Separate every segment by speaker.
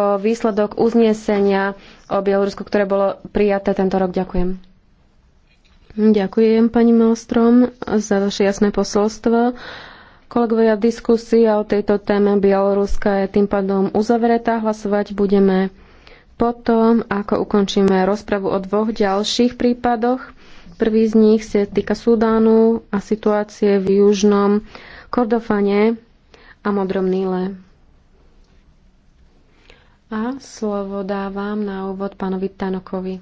Speaker 1: výsledok uznesenia o Bielorusku, ktoré bolo prijaté tento rok. Ďakujem. Ďakujem pani Malstrom za vaše jasné posolstvo. Kolegovia, diskusia o tejto téme Bieloruska je tým pádom uzavretá. Hlasovať budeme potom, ako ukončíme rozpravu o dvoch ďalších prípadoch. Prvý z nich sa týka Sudánu a situácie v južnom Kordofane a Modrom Níle. A slovo dávam na úvod pánovi Tanokovi.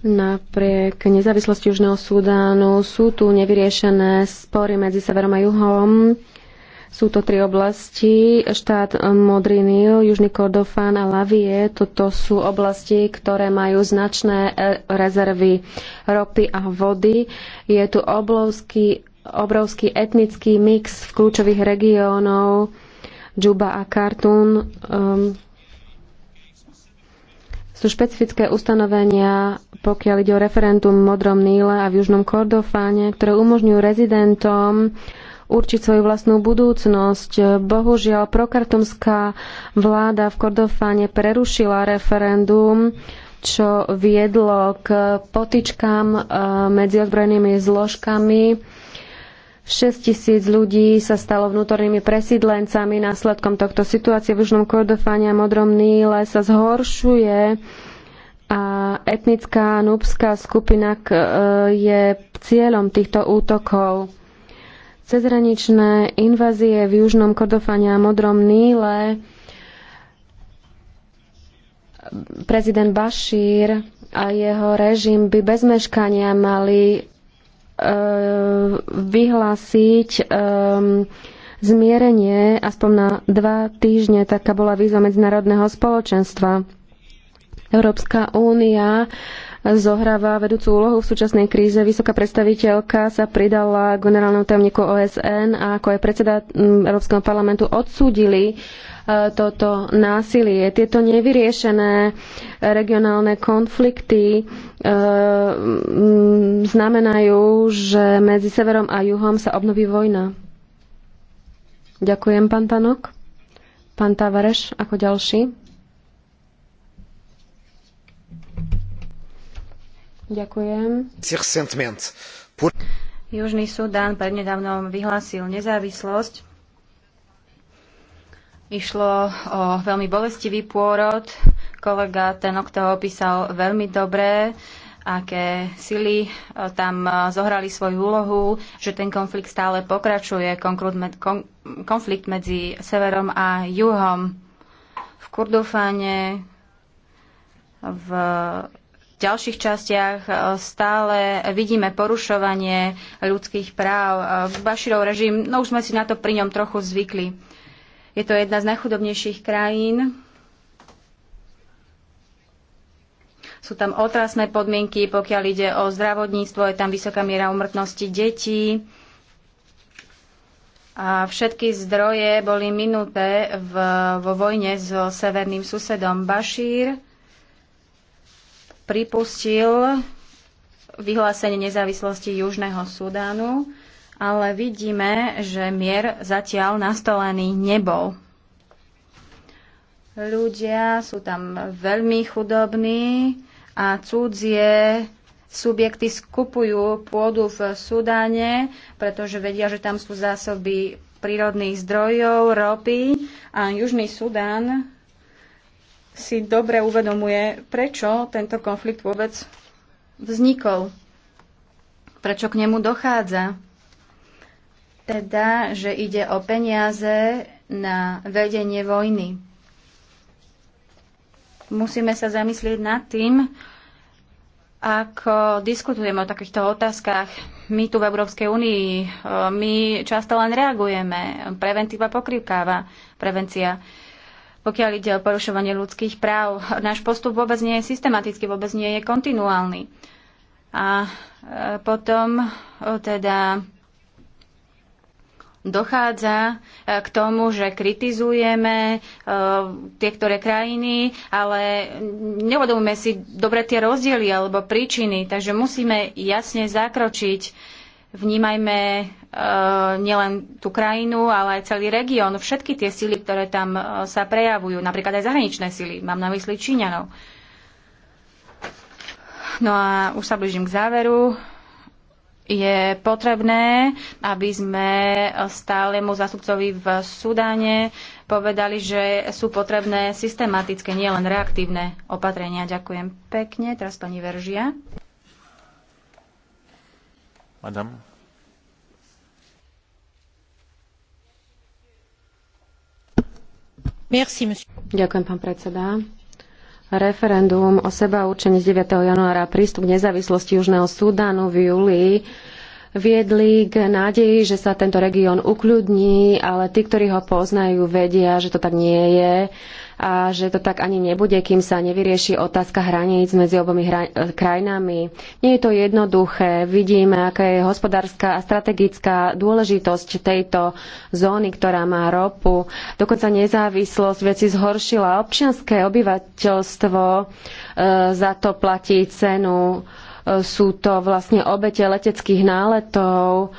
Speaker 1: Napriek nezávislosti Južného Sudánu sú tu nevyriešené spory medzi severom a juhom. Sú to tri oblasti, štát Modrý Níl, Južný Kordofán a Lavie. Toto sú oblasti, ktoré majú značné e, rezervy ropy a vody. Je tu obrovský, obrovský etnický mix v kľúčových regiónov Džuba a Kartún. Um, ehm, sú špecifické ustanovenia, pokiaľ ide o referendum v Modrom Níle a v Južnom Kordofáne, ktoré umožňujú rezidentom určiť svoju vlastnú budúcnosť. Bohužiaľ, prokartumská vláda v Kordofáne prerušila referendum, čo viedlo k potičkám eh, medzi odbrojenými zložkami. 6 tisíc ľudí sa stalo vnútornými presídlencami. Následkom tohto situácie v Južnom Kordofáne a Modrom Níle sa zhoršuje a etnická nubská skupina eh, je cieľom týchto útokov. Cezhraničné invázie v južnom Kordofane a modrom Níle prezident Bašír a jeho režim by bez meškania mali e, vyhlásiť e, zmierenie aspoň na dva týždne. Taká bola výzva medzinárodného spoločenstva. Európska únia e, zohráva vedúcu úlohu v súčasnej kríze. Vysoká predstaviteľka sa pridala k generálnemu tajomníku OSN a ako aj predseda mm, Európskeho parlamentu odsúdili e, toto násilie. Tieto nevyriešené regionálne konflikty e, mm, znamenajú, že medzi severom a juhom sa obnoví vojna. Ďakujem, pán Tanok. Pán Tavareš, ako ďalší. Ďakujem.
Speaker 2: Južný Sudán prednedávnom vyhlásil nezávislosť. Išlo o veľmi bolestivý pôrod. Kolega Tenok to opísal veľmi dobre aké sily e, tam e, zohrali svoju úlohu, že ten konflikt stále pokračuje, konflikt medzi severom a juhom. V Kurdofáne, v ďalších častiach e, stále vidíme porušovanie ľudských práv. E, Baširov režim, no už sme si na to pri ňom trochu zvykli. Je to jedna z najchudobnejších krajín. Sú tam otrasné podmienky, pokiaľ ide o zdravotníctvo, je tam vysoká miera umrtnosti detí. A všetky zdroje boli minuté v, vo vojne so severným susedom Bašír pripustil vyhlásenie nezávislosti Južného Sudánu, ale vidíme, že mier zatiaľ nastolený nebol. Ľudia sú tam veľmi chudobní a cudzie subjekty skupujú pôdu v Sudáne, pretože vedia, že tam sú zásoby prírodných zdrojov, ropy a Južný Sudán si dobre uvedomuje, prečo tento konflikt vôbec vznikol, prečo k nemu dochádza. Teda, že ide o peniaze na vedenie vojny. Musíme sa zamyslieť nad tým, ako diskutujeme o takýchto otázkach, my tu v Európskej únii, e, my často len reagujeme. Preventíva pokrývkáva, prevencia pokiaľ ide o porušovanie ľudských práv. Náš postup vôbec nie je systematický, vôbec nie je kontinuálny. A e, potom e, teda dochádza e, k tomu, že kritizujeme tie ktoré krajiny, ale neuvedomujeme si dobre tie rozdiely alebo príčiny, takže musíme jasne zakročiť vnímajme e, nielen tú krajinu, ale aj celý región, všetky tie sily, ktoré tam e, sa prejavujú, napríklad aj zahraničné sily, mám na mysli Číňanov. No a už sa blížim k záveru. Je potrebné, aby sme stálemu zástupcovi v Sudáne povedali, že sú potrebné systematické, nielen reaktívne opatrenia. Ďakujem pekne. Teraz pani Veržia.
Speaker 3: Madame.
Speaker 1: Ďakujem, pán predseda. Referendum o seba určení z 9. januára prístup k nezávislosti Južného Súdánu v júli viedli k nádeji, že sa tento región ukľudní, ale tí, ktorí ho poznajú, vedia, že to tak nie je a že to tak ani nebude, kým sa nevyrieši otázka hraníc medzi obomi krajinami. Nie je to jednoduché. Vidíme, aká je hospodárska a strategická dôležitosť tejto zóny, ktorá má ropu. Dokonca nezávislosť veci zhoršila. Občianské obyvateľstvo e, za to platí cenu. E, sú to vlastne obete leteckých náletov,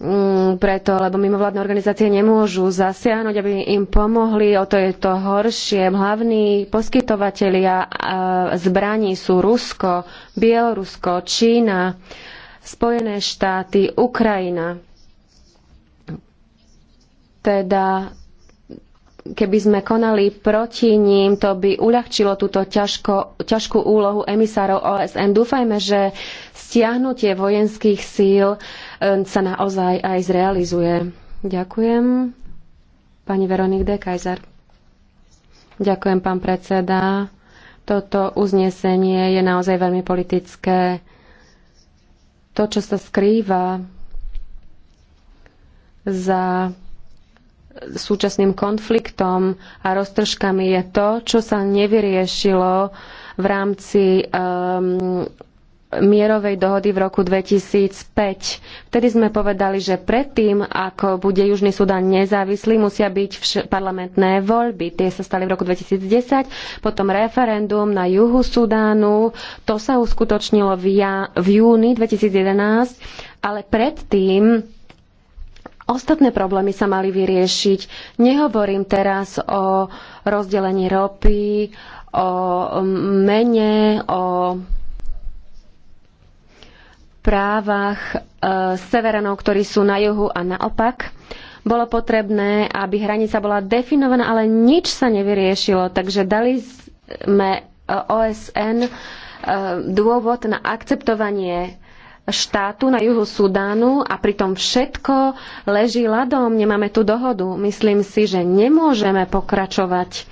Speaker 1: Mm, preto, lebo mimovládne organizácie nemôžu zasiahnuť, aby im pomohli, o to je to horšie. Hlavní poskytovatelia e, zbraní sú Rusko, Bielorusko, Čína, Spojené štáty, Ukrajina. Teda keby sme konali proti ním, to by uľahčilo túto ťažko, ťažkú úlohu emisárov OSN. Dúfajme, že stiahnutie vojenských síl e, sa naozaj aj zrealizuje. Ďakujem. Pani Veronik de Kajzer. Ďakujem, pán predseda. Toto uznesenie je naozaj veľmi politické. To, čo sa skrýva za súčasným konfliktom a roztržkami je to, čo sa nevyriešilo v rámci um, mierovej dohody v roku 2005. Vtedy sme povedali, že predtým, ako bude Južný Sudan nezávislý, musia byť parlamentné voľby. Tie sa stali v roku 2010, potom referendum na juhu Sudánu. To sa uskutočnilo v, ja- v júni 2011, ale predtým Ostatné problémy sa mali vyriešiť. Nehovorím teraz o rozdelení ropy, o mene, o právach e, severanov, ktorí sú na juhu a naopak. Bolo potrebné, aby hranica bola definovaná, ale nič sa nevyriešilo. Takže dali sme e, OSN e, dôvod na akceptovanie štátu na juhu Sudánu a pritom všetko leží ľadom, nemáme tu dohodu. Myslím si, že nemôžeme pokračovať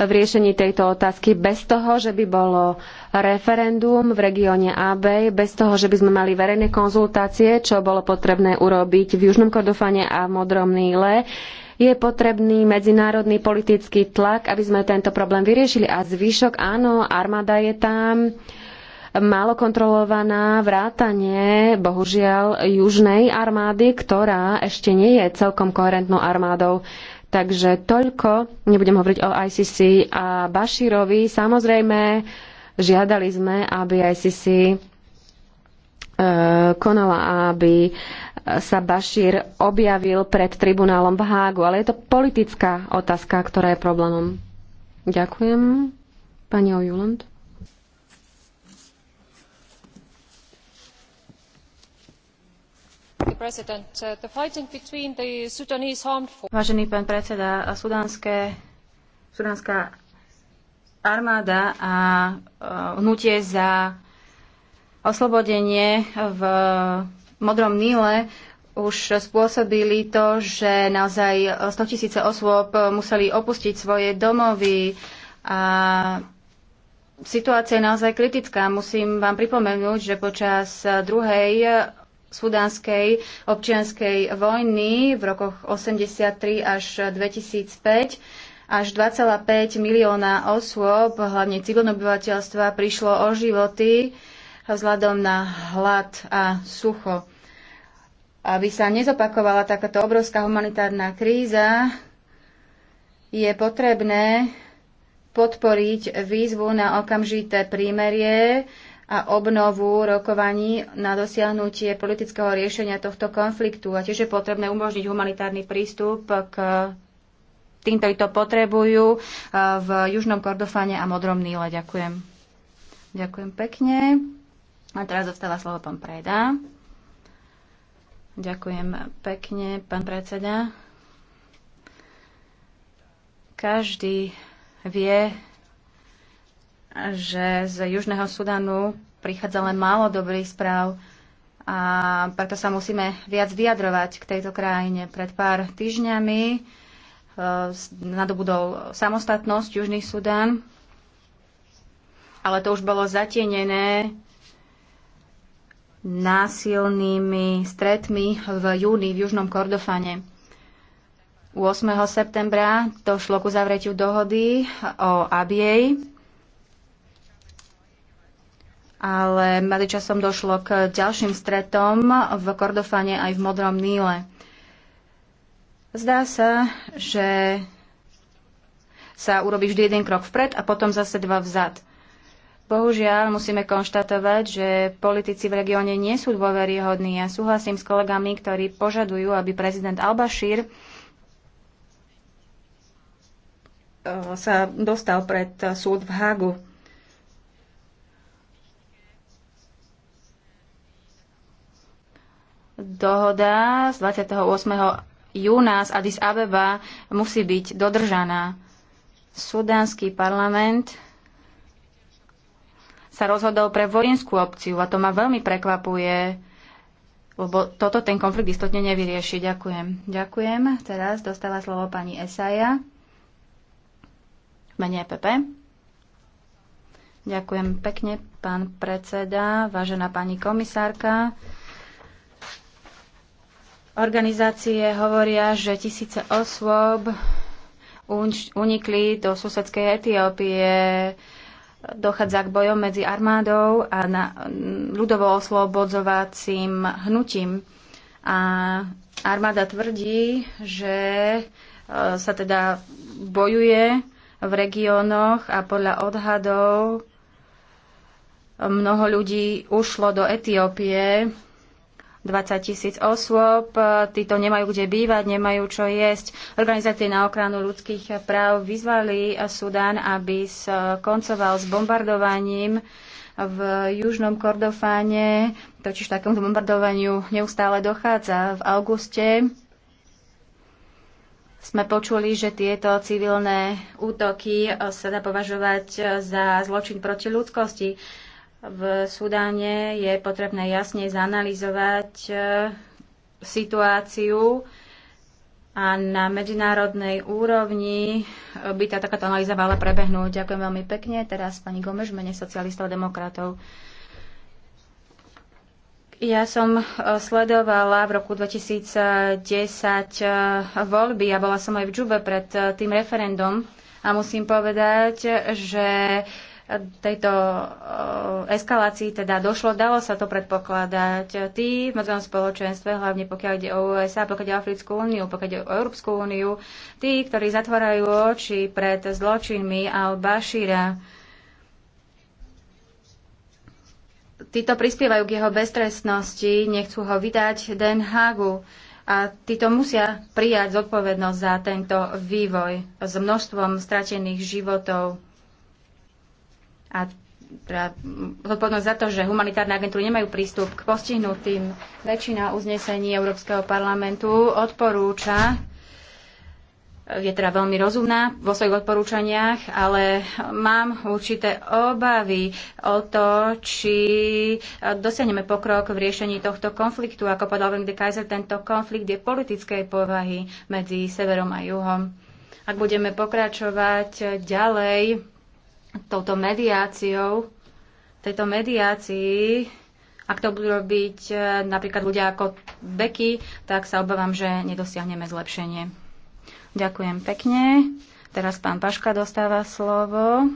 Speaker 1: v riešení tejto otázky bez toho, že by bolo referendum v regióne AB, bez toho, že by sme mali verejné konzultácie, čo bolo potrebné urobiť v Južnom Kordofane a v Modrom Níle. Je potrebný medzinárodný politický tlak, aby sme tento problém vyriešili. A zvyšok, áno, armáda je tam, málo kontrolovaná vrátanie, bohužiaľ, južnej armády, ktorá ešte nie je celkom koherentnou armádou. Takže toľko, nebudem hovoriť o ICC a Bašírovi. Samozrejme, žiadali sme, aby ICC e, konala, aby sa Bašír objavil pred tribunálom v Hágu. Ale je to politická otázka, ktorá je problémom. Ďakujem. Pani Ojuland. Uh, Vážený
Speaker 2: pán predseda, sudánske, sudánska armáda a uh, hnutie za oslobodenie v Modrom Níle už spôsobili to, že naozaj 100 tisíce osôb museli opustiť svoje domovy a situácia je naozaj kritická. Musím vám pripomenúť, že počas druhej sudánskej občianskej vojny v rokoch 83 až 2005 až 2,5 milióna osôb, hlavne civilné obyvateľstva, prišlo o životy vzhľadom na hlad a sucho. Aby sa nezopakovala takáto obrovská humanitárna kríza, je potrebné podporiť výzvu na okamžité prímerie, a obnovu rokovaní na dosiahnutie politického riešenia tohto konfliktu. A tiež je potrebné umožniť humanitárny prístup k tým, ktorí to potrebujú e, v Južnom Kordofane a Modrom Níle. Ďakujem. Ďakujem pekne. A teraz zostáva slovo pán Preda. Ďakujem pekne, pán predseda. Každý vie, že z Južného Sudanu prichádza len málo dobrých správ a preto sa musíme viac vyjadrovať k tejto krajine. Pred pár týždňami e, nadobudol samostatnosť Južný Sudan, ale to už bolo zatienené násilnými stretmi v júni v Južnom Kordofane. U 8. septembra došlo k uzavretiu dohody o ABA ale časom došlo k ďalším stretom v Kordofane aj v Modrom Níle. Zdá sa, že sa urobí vždy jeden krok vpred a potom zase dva vzad. Bohužiaľ, musíme konštatovať, že politici v regióne nie sú dôveryhodní. Ja súhlasím s kolegami, ktorí požadujú, aby prezident Al-Bashir e, sa dostal pred súd v Hagu. Dohoda z 28. júna z Addis Abeba musí byť dodržaná. Sudánsky parlament sa rozhodol pre vojenskú opciu a to ma veľmi prekvapuje, lebo toto ten konflikt istotne nevyrieši. Ďakujem. Ďakujem. Teraz dostáva slovo pani Esaja. Menej e Pepe. Ďakujem pekne, pán predseda, vážená pani komisárka. Organizácie hovoria, že tisíce osôb unikli do susedskej Etiópie. Dochádza k bojom medzi armádou a ľudovo oslobodzovacím hnutím. A armáda tvrdí, že e, sa teda bojuje v regiónoch a podľa odhadov mnoho ľudí ušlo do Etiópie 20 tisíc osôb, e, títo nemajú kde bývať, nemajú čo jesť. Organizácie na ochranu ľudských práv vyzvali Sudán, aby skoncoval e, s bombardovaním v južnom Kordofáne, totiž takémuto bombardovaniu neustále dochádza. V auguste sme počuli, že tieto civilné útoky e, sa dá považovať za zločin proti ľudskosti v Sudáne je potrebné jasne zanalizovať e, situáciu a na medzinárodnej úrovni e, by tá takáto analýza mala prebehnúť. Ďakujem veľmi pekne. Teraz pani Gomeš, mene socialistov a demokratov. Ja som e, sledovala v roku 2010 voľby a bola som aj v Džube pred tým referendum a musím povedať, že tejto eh, eskalácii teda došlo, dalo sa to predpokladať. Tí v medzinárodnom spoločenstve, hlavne pokiaľ ide o USA, pokiaľ ide o Africkú úniu, pokiaľ ide o Európsku úniu, tí, ktorí zatvárajú oči pred zločinmi al-Bashira, títo prispievajú k jeho beztrestnosti, nechcú ho vydať Den Hagu a títo musia prijať zodpovednosť za tento vývoj s množstvom stratených životov a teda mm, zodpovednosť za to, že humanitárne agentúry nemajú prístup k postihnutým. Väčšina uznesení Európskeho parlamentu odporúča, je teda veľmi rozumná vo svojich odporúčaniach, ale mám určité obavy o to, či dosiahneme pokrok v riešení tohto konfliktu. Ako povedal Wim de Kaiser, tento konflikt je politickej povahy medzi severom a juhom. Ak budeme pokračovať ďalej, touto mediáciou, tejto mediácii, ak to budú robiť e, napríklad ľudia ako Beky, tak sa obávam, že nedosiahneme zlepšenie. Ďakujem pekne. Teraz pán Paška dostáva slovo e,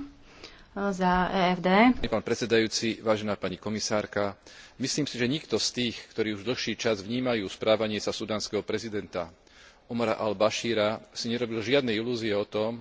Speaker 2: za EFD.
Speaker 4: Pán predsedajúci, vážená pani komisárka, myslím si, že nikto z tých, ktorí už dlhší čas vnímajú správanie sa sudanského prezidenta Omara al bashira si nerobil žiadne ilúzie o tom,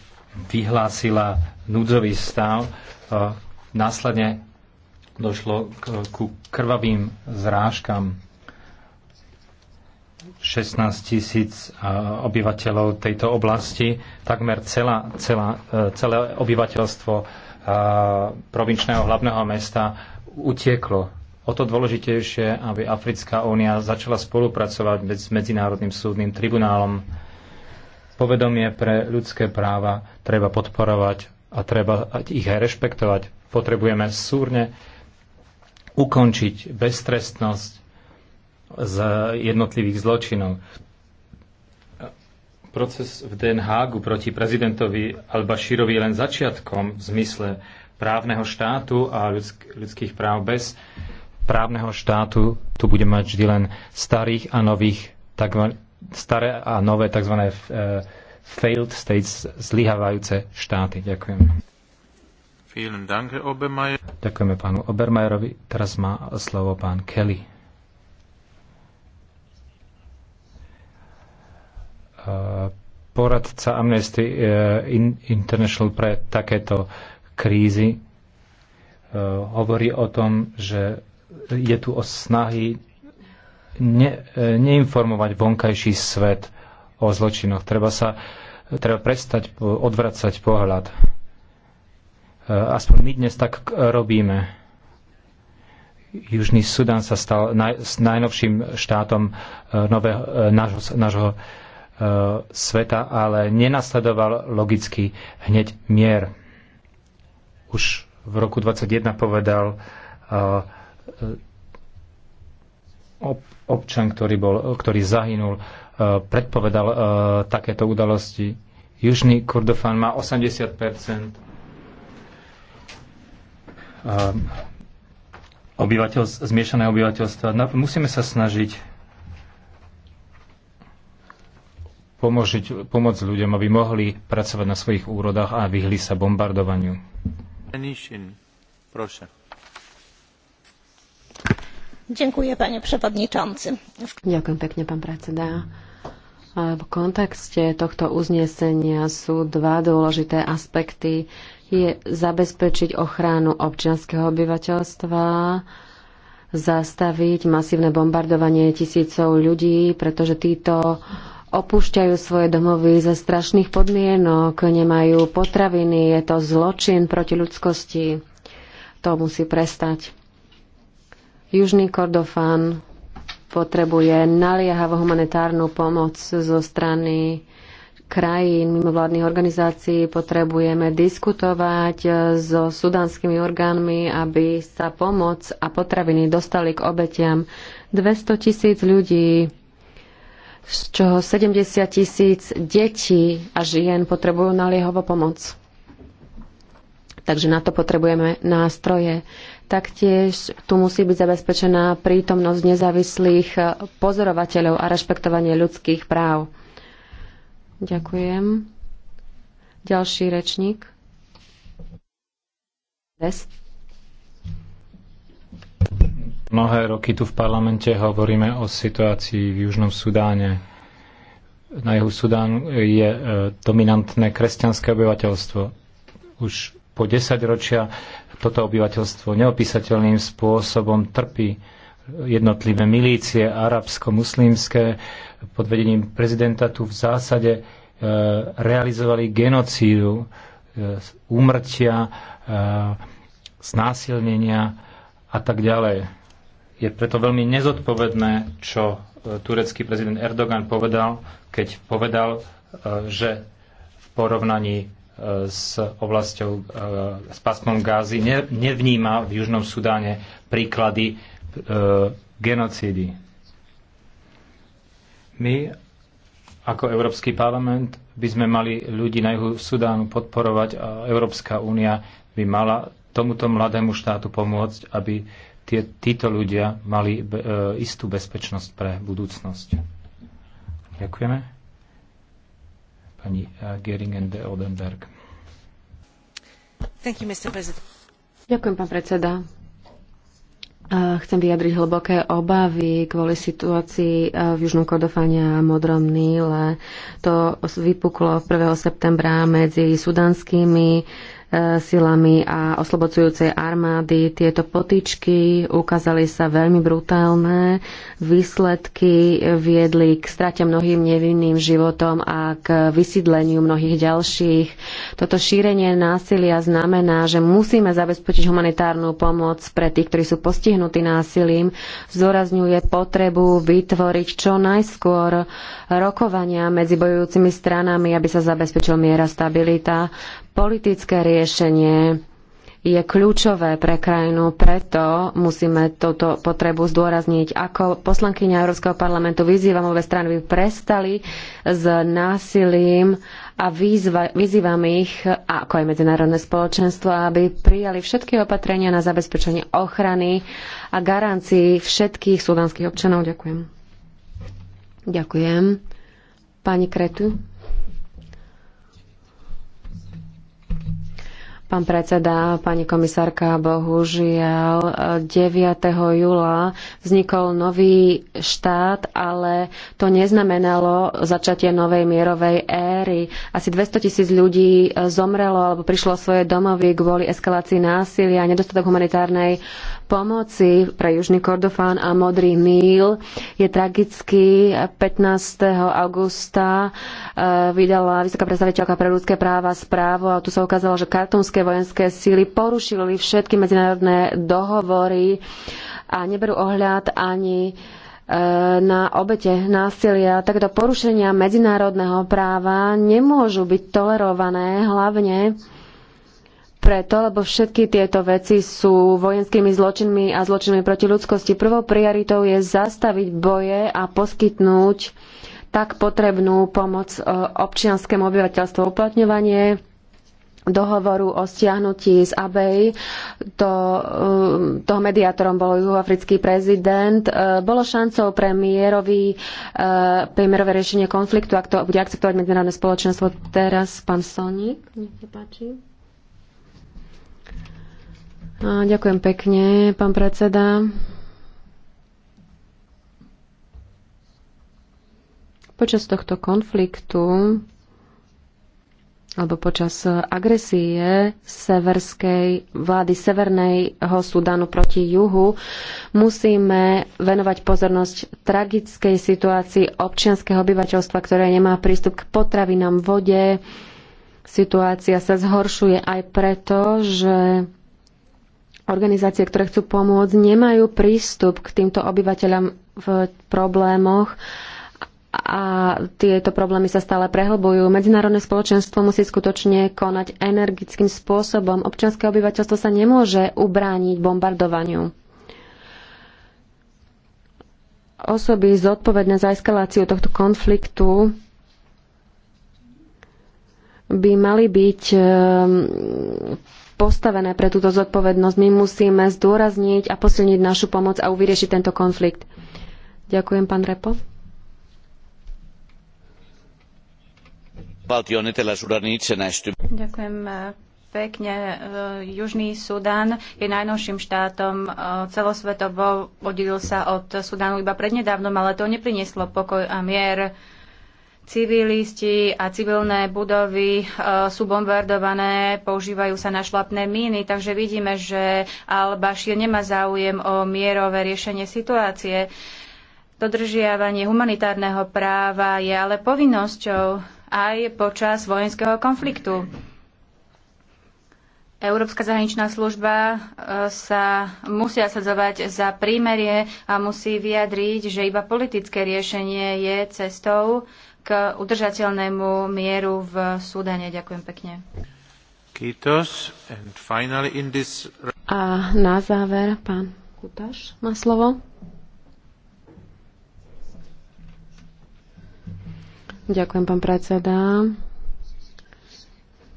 Speaker 3: vyhlásila núdzový stav. Následne došlo ku krvavým zrážkam. 16 tisíc obyvateľov tejto oblasti, takmer celá, celá, e, celé obyvateľstvo e, provinčného hlavného mesta utieklo. O to dôležitejšie, aby Africká únia začala spolupracovať s Medzinárodným súdnym tribunálom Povedomie pre ľudské práva treba podporovať a treba ich aj rešpektovať. Potrebujeme súrne ukončiť beztrestnosť z jednotlivých zločinov. Proces v Den Hágu proti prezidentovi Al-Bashirovi len začiatkom v zmysle právneho štátu a ľudsk- ľudských práv bez právneho štátu tu bude mať vždy len starých a nových tzv staré a nové tzv. Eh, failed states, zlyhávajúce štáty. Ďakujem. Danke, Ďakujeme pánu Obermajerovi. Teraz má slovo pán Kelly. Eh, poradca Amnesty eh, International pre takéto krízy hovorí o tom, že je tu o snahy ne, e, neinformovať vonkajší svet o zločinoch. Treba sa treba prestať odvracať pohľad. E, aspoň my dnes tak robíme. Južný Sudan sa stal naj, s najnovším štátom e, nového, nášho, nášho sveta, ale nenasledoval logicky hneď mier. Už v roku 21 povedal ob, občan, ktorý, bol, ktorý zahynul, e, predpovedal e, takéto udalosti. Južný Kurdofán má 80 obyvateľ, zmiešané obyvateľstva. No, musíme sa snažiť pomôžiť, pomôcť ľuďom, aby mohli pracovať na svojich úrodách a vyhli sa bombardovaniu. Prosím.
Speaker 1: Ďakujem, pane przewodniczący. Ďakujem pekne, pán predseda. V kontexte tohto uznesenia sú dva dôležité aspekty. Je zabezpečiť ochranu občianskeho obyvateľstva, zastaviť masívne bombardovanie tisícov ľudí, pretože títo opúšťajú svoje domovy za strašných podmienok, nemajú potraviny, je to zločin proti ľudskosti. To musí prestať. Južný Kordofán potrebuje naliehavú humanitárnu pomoc zo strany krajín, mimovládnych organizácií potrebujeme diskutovať eh, so sudanskými orgánmi, aby sa pomoc a potraviny dostali k obetiam. 200 tisíc ľudí, z čoho 70 tisíc detí a žien potrebujú naliehovú pomoc. Takže na to potrebujeme nástroje. Taktiež tu musí byť zabezpečená prítomnosť nezávislých eh, pozorovateľov a rešpektovanie ľudských práv. Ďakujem. Ďalší rečník. Des.
Speaker 3: Mnohé roky tu v parlamente hovoríme o situácii v Južnom Sudáne. Na juhu Sudán je eh, dominantné kresťanské obyvateľstvo. Už po 10 ročia toto obyvateľstvo neopísateľným spôsobom trpí jednotlivé milície arabsko-muslimské pod vedením prezidenta tu v zásade e, realizovali genocídu, e, úmrtia, e, znásilnenia a tak ďalej. Je preto veľmi nezodpovedné, čo e, turecký prezident Erdogan povedal, keď povedal, e, že v porovnaní s oblasťou, e, s pásmom Gázy, nevníma v Južnom Sudáne príklady e, genocídy. My ako Európsky parlament by sme mali ľudí na juhu Sudánu podporovať a Európska únia by mala tomuto mladému štátu pomôcť, aby tie, títo ľudia mali e, istú bezpečnosť pre budúcnosť. Ďakujeme pani eh, Geringen de Odenberg.
Speaker 1: Thank you, Mr. Ďakujem, pán predseda. Chcem vyjadriť hlboké obavy kvôli situácii eh, v Južnom Kordofáne a Modrom Níle. To vypuklo 1. septembra medzi sudanskými silami a oslobocujúcej armády. Tieto potičky ukázali sa veľmi brutálne. Výsledky viedli k strate mnohým nevinným životom a k vysídleniu mnohých ďalších. Toto šírenie násilia znamená, že musíme zabezpečiť humanitárnu pomoc pre tých, ktorí sú postihnutí násilím. Zdôrazňuje potrebu vytvoriť čo najskôr rokovania medzi bojujúcimi stranami, aby sa zabezpečil miera stabilita Politické riešenie je kľúčové pre krajinu, preto musíme túto potrebu zdôrazniť. Ako poslankyňa Európskeho parlamentu vyzývam obe strany, aby prestali s násilím a výzva, vyzývam ich, ako aj medzinárodné spoločenstvo, aby prijali všetky opatrenia na zabezpečenie ochrany a garancií všetkých sudanských občanov. Ďakujem. Ďakujem. Pani Kretu. Pán predseda, pani komisárka, bohužiaľ 9. júla vznikol nový štát, ale to neznamenalo začatie novej mierovej éry. Asi 200 tisíc ľudí e, zomrelo alebo prišlo svoje domovy kvôli eskalácii násilia, a nedostatok humanitárnej pomoci pre Južný Kordofán a Modrý Míl je tragický. 15. augusta e, vydala vysoká predstaviteľka pre ľudské práva správu a tu sa ukázalo, že kartonské turecké vojenské síly porušili všetky medzinárodné dohovory a neberú ohľad ani e, na obete násilia. Takéto porušenia medzinárodného práva nemôžu byť tolerované, hlavne preto, lebo všetky tieto veci sú vojenskými zločinmi a zločinmi proti ľudskosti. Prvou prioritou je zastaviť boje a poskytnúť tak potrebnú pomoc e, občianskému obyvateľstvu. Uplatňovanie dohovoru o stiahnutí z Abej. To, um, toho mediátorom bol juhoafrický prezident. E, bolo šancou pre mierový, e, pre mierové riešenie konfliktu, ak to bude akceptovať medzinárodné spoločenstvo. Teraz pán Sonik, nech sa páči. Ďakujem pekne, pán predseda. Počas tohto konfliktu alebo počas eh, agresie severskej vlády Severného Sudanu proti juhu musíme venovať pozornosť tragickej situácii občianského obyvateľstva, ktoré nemá prístup k potravinám, vode. Situácia sa zhoršuje aj preto, že organizácie, ktoré chcú pomôcť, nemajú prístup k týmto obyvateľom v problémoch a tieto problémy sa stále prehlbujú. Medzinárodné spoločenstvo musí skutočne konať energickým spôsobom. Občianske obyvateľstvo sa nemôže ubrániť bombardovaniu. Osoby zodpovedné za eskaláciu tohto konfliktu by mali byť ehm, postavené pre túto zodpovednosť. My musíme zdôrazniť a posilniť našu pomoc a uvyriešiť tento konflikt. Ďakujem, pán Repo.
Speaker 2: valtion etelä teda sudanin
Speaker 1: itsenäistyminen.
Speaker 2: Pekne. E, Južný Sudán je najnovším štátom e, celosvetovo. Oddelil sa od Sudánu iba prednedávnom, ale to neprinieslo pokoj a mier civilisti a civilné budovy e, sú bombardované, používajú sa na šlapné míny, takže vidíme, že Al-Bashir nemá záujem o mierové riešenie situácie. Dodržiavanie humanitárneho práva je ale povinnosťou aj počas vojenského konfliktu. Európska zahraničná služba e, sa musí asadzovať za prímerie a musí vyjadriť, že iba politické riešenie je cestou k udržateľnému mieru v Súdane. Ďakujem pekne.
Speaker 1: A na záver pán Kutaš má slovo. Ďakujem, pán predseda.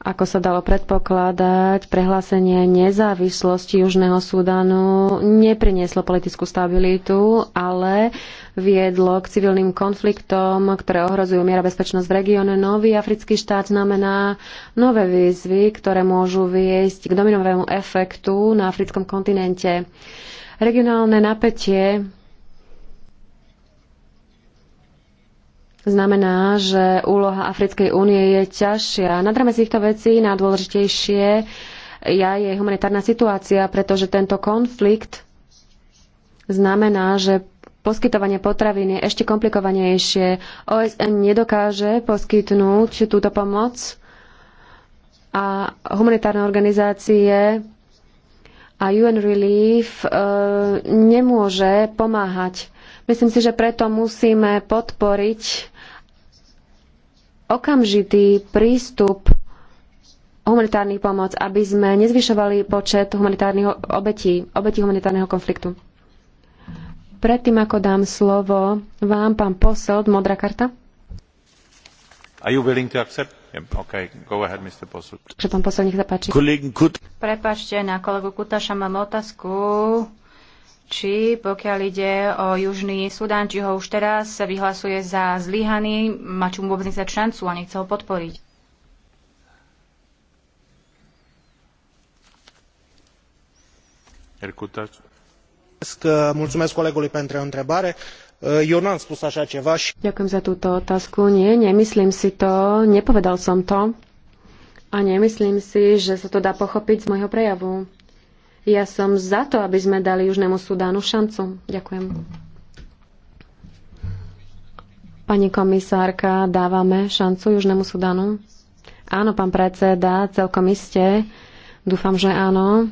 Speaker 1: Ako sa dalo predpokladať, prehlásenie nezávislosti Južného Súdanu neprinieslo politickú stabilitu, ale viedlo k civilným konfliktom, ktoré ohrozujú miera bezpečnosť v regióne. Nový africký štát znamená nové výzvy, ktoré môžu viesť k dominovému efektu na africkom kontinente. Regionálne napätie znamená, že úloha Africkej únie je ťažšia. Nad rámec týchto vecí najdôležitejšie ja je humanitárna situácia, pretože tento konflikt znamená, že poskytovanie potravín je ešte komplikovanejšie. OSN nedokáže poskytnúť túto pomoc a humanitárne organizácie a UN Relief e, nemôže pomáhať. Myslím si, že preto musíme podporiť okamžitý prístup humanitárnych pomoc, aby sme nezvyšovali počet humanitárnych obetí, obetí humanitárneho konfliktu. Predtým, ako dám slovo vám, pán posel, modrá karta.
Speaker 3: Are you willing to accept? Yeah, Go ahead, Mr. Posel.
Speaker 1: pán posel, nech
Speaker 2: Prepačte, na kolegu Kutaša mám otázku či pokiaľ ide o Južný Sudán, či ho už teraz vyhlasuje za zlyhaný, má čo mu vôbec nechcať šancu a nechce ho podporiť.
Speaker 3: Eh,
Speaker 1: Ďakujem za túto otázku. Nie, nemyslím si to, nepovedal som to a nemyslím si, že sa to dá pochopiť z môjho prejavu. Ja som za to, aby sme dali Južnému Sudánu šancu. Ďakujem. Pani komisárka, dávame šancu Južnému Sudánu? Áno, pán predseda, celkom iste. Dúfam, že áno.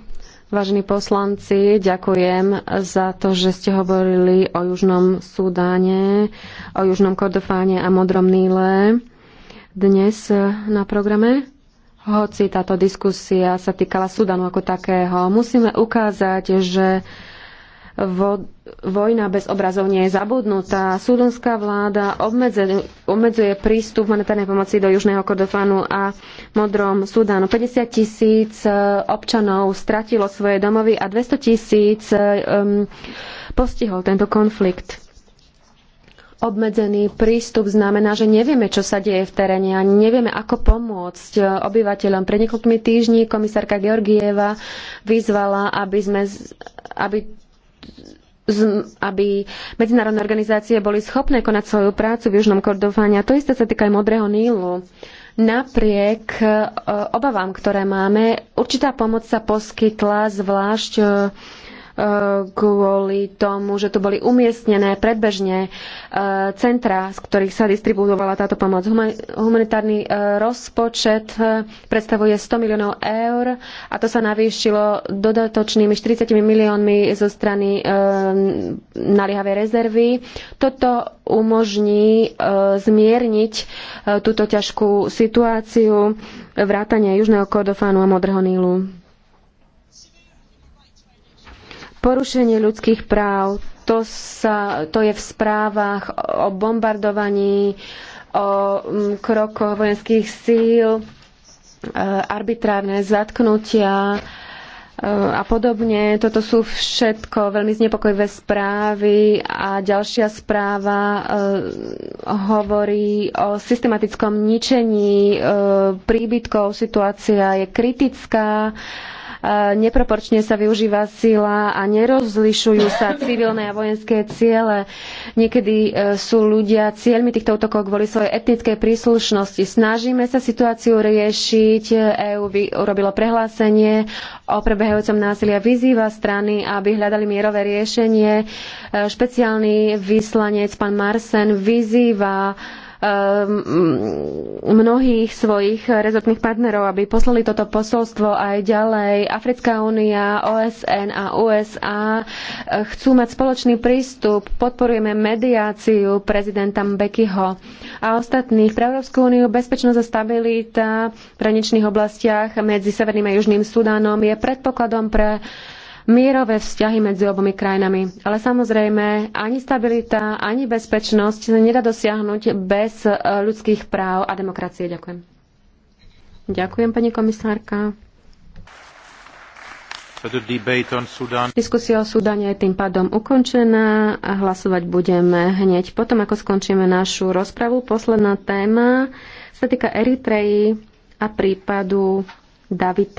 Speaker 1: Vážení poslanci, ďakujem za to, že ste hovorili o Južnom Súdáne, o Južnom Kordofáne a Modrom Níle dnes na programe hoci táto diskusia sa týkala Sudanu ako takého, musíme ukázať, že vo, vojna bez obrazov nie je zabudnutá. Súdanská vláda obmedze, obmedzuje prístup monetárnej pomoci do Južného Kordofanu a Modrom Súdanu. 50 tisíc e, občanov stratilo svoje domovy a 200 tisíc um, postihol tento konflikt. Obmedzený prístup znamená, že nevieme, čo sa deje v teréne a nevieme, ako pomôcť eh, obyvateľom. Pred niekoľkými týždni komisárka Georgieva vyzvala, aby, sme, aby, aby medzinárodné organizácie boli schopné konať svoju prácu v Južnom Kordofáne. A to isté sa týka aj Modrého Nílu. Napriek eh, obavám, ktoré máme, určitá pomoc sa poskytla zvlášť eh, kvôli tomu, že tu boli umiestnené predbežne e, centra, z ktorých sa distribuovala táto pomoc. Humanitárny e, rozpočet e, predstavuje 100 miliónov eur a to sa navýšilo dodatočnými 40 miliónmi zo strany naliehavej rezervy. Toto umožní zmierniť túto ťažkú situáciu vrátania Južného Kordofánu a Modrého Nílu. Porušenie ľudských práv, to, sa, to je v správach o bombardovaní, o mm, krokoch vojenských síl, e, arbitrárne zatknutia e, a podobne. Toto sú všetko veľmi znepokojivé správy a ďalšia správa e, hovorí o systematickom ničení príbytkov. Situácia je kritická neproporčne sa využíva sila a nerozlišujú sa civilné a vojenské ciele. Niekedy e, sú ľudia cieľmi týchto útokov kvôli svojej etnickej príslušnosti. Snažíme sa situáciu riešiť. EÚ urobilo prehlásenie o prebehajúcom násilia. Vyzýva strany, aby hľadali mierové riešenie. E, špeciálny vyslanec pán Marsen vyzýva Ehm, mnohých svojich rezortných partnerov, aby poslali toto posolstvo aj ďalej. Africká únia, OSN a USA eh, chcú mať spoločný prístup. Podporujeme mediáciu prezidenta Mbekiho a ostatných pre Európsku úniu bezpečnosť a stabilita v hraničných oblastiach medzi Severným a Južným Sudánom je predpokladom pre mierové vzťahy medzi obomi krajinami. Ale samozrejme, ani stabilita, ani bezpečnosť sa nedá dosiahnuť bez e, ľudských práv a demokracie. Ďakujem. Ďakujem, pani komisárka. Diskusia o Sudane je tým pádom ukončená a hlasovať budeme hneď potom, ako skončíme našu rozpravu.
Speaker 3: Posledná téma sa týka Eritreji a prípadu Davita